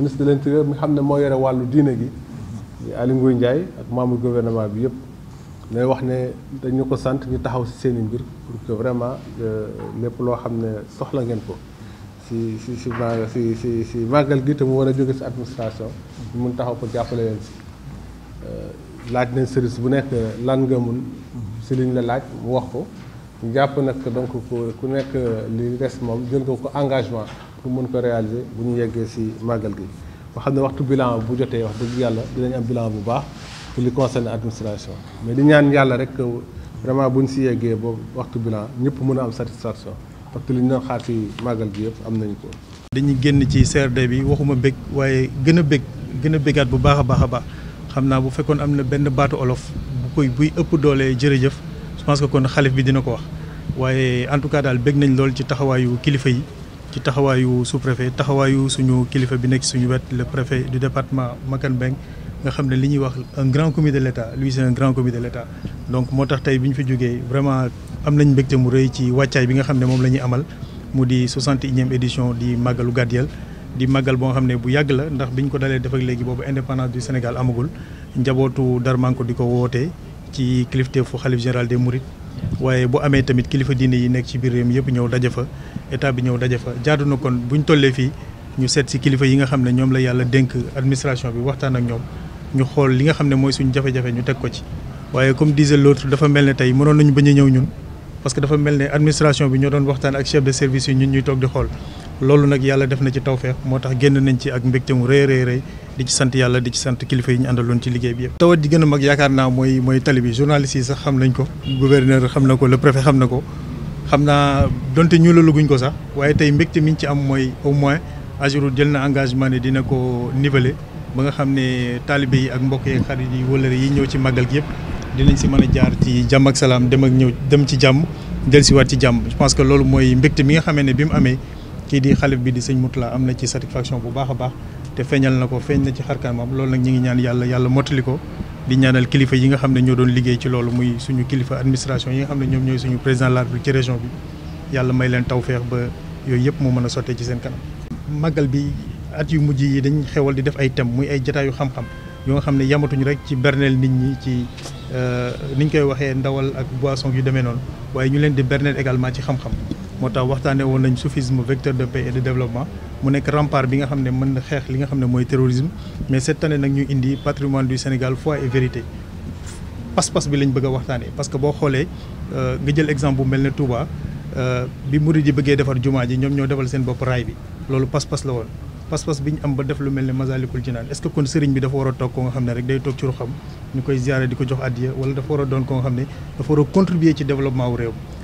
ministre de l'intérieur mi xam ne moo yore wàllu diine gi di Aly Ndiaye ak membre gouvernement bi yëpp mais wax ne dañu ko sant ñu taxaw ci seen i mbir pour que vraiment euh, lépp loo xam ne soxla ngeen ko si si si si si si màggal gi te mu war a jóge si administration ñu mun taxaw ko jàppale leen si euh, laaj nañ service bu nekk lan nga mun si liñ la laaj mu wax ko jàpp nak donc ku nekk li des moom jël nga ko engagement pour mën ko réaliser bu ñu yeggee si màggal gi ba xam waxtu bilan bu joté wax dëgg yàlla dinañ am bilan bu baax pour li concerne administration mais di ñaan yalla rek vraiment buñ ñu si yeggee boobu waxtu bilan ñëpp mëna am satisfaction parce que li ñu doon xaar ci magal gi yëpp am nañ ko. dañuy génn ci CRD bi waxuma bég waaye gën a bég gën a bégaat bu baax a baax a baax xam naa bu fekkoon am na benn baatu olof bu koy buy ëpp doole jërëjëf. parce que kon xalif bi dina ko wax waaye en tout cas daal bëgg nañ lool ci taxawaayu kilifa yi ci taxawaayu sous-préfet taxawaayu suñu kilifa bi nekk suñu wet le préfet du département Makan Beng nga xam ne li ñuy wax un grand commis de l'État lui c'est un grand commis de l'État donc moo tax tey bi ñu fi jógee vraiment am nañ mbégte mu rëy ci wàccaay bi nga xam ne moom la ñuy amal mu di 61e édition di màggalu Gadeyelle di màggal boo xam ne bu yàgg la ndax biñ ko dalee def léegi boobu indépendance du Sénégal amagul njabootu Darmanko di ko wootee ci kilifteefu xalif général des Mourides waaye bu amee tamit kilifa diine yi nekk ci biir réew yëpp ñëw daje fa état bi ñëw daje fa jaadu na kon buñ tollee fii ñu seet si kilifa yi nga xam ne ñoom la yàlla dénk administration bi waxtaan ak ñoom ñu xool li nga xam ne mooy suñu jafe-jafe ñu teg ko ci. waaye comme disait l'autre dafa mel ne tey mënoon nañu bañ a ñëw ñun parce que dafa mel ne administration bi ñoo doon waxtaan ak chef de service yi ñu ñuy toog di xool. loolu nag yàlla def na ci tawfeex moo tax génn nañ ci ak mbégte mu rëy rëy rëy di ci sant yàlla di ci sant kilifa yi ñu àndaloon ci liggéey bi yëpp. tawat ji gën a mag yaakaar naa mooy mooy tali bi journaliste yi sax xam nañ ko gouverneur xam na ko le préfet xam ko xam naa donte ñu la ko sax waaye tey mbégte mi ñu ci am mooy au moins AGEROUTE jël na engagement ne dina ko niveler ba nga xam ne taalibe yi ak mbokk yeeg xarit yi wëllëre yi ñëw ci màggal gi yëpp dinañ si mën a jaar ci jàmm ak salaam dem ak ñëw dem ci jàmm dellusiwaat ci jàmm je pense que loolu mooy mbégte mi nga xamee ne bi mu amee kii di xalif bi di sëñ Moutala am na ci satisfaction bu baax a baax te feeñal na ko feeñ na ci xarkanam loolu nag ñu ngi ñaan yàlla yàlla mottali ko di ñaanal kilifa yi nga xam ne ñoo doon liggéey ci loolu muy suñu kilifa administration yi nga xam ne ñoom ñooy suñu président de la République ci région bi yàlla may leen tawféex ba yooyu yëpp mu mën a sottee ci seen kanam. màggal bi at yu mujj yi dañ xewal di def ay thèmes muy ay jataayu xam-xam yoo nga xam ne yamatuñu rek ci berneel nit ñi ci euh, niñ koy waxee ndawal ak boisson yu demee noonu waaye ñu leen di berneel également ci xam moo tax waxtaanee woon nañ soufisme vecteur de paix et de développement mu nekk rempart bi nga xam ne mën na xeex li nga xam ne mooy terrorisme mais cette année nag ñu indi patrimoine du Sénégal foi et vérité pas-pas bi lañ bëgg a waxtaanee parce que boo xoolee euh, nga jël exemple bu mel ne Touba euh, bi murid yi bëggee defar jumaa ji ñoom ñoo defal seen bopp raay bi loolu pas-pas la woon pas-pas bi ñu am ba def lu mel ne Masalikul Jinaan est-ce bi a ne rek day toog ci ruxam ñu koy ziare a ne dafa ci développement wu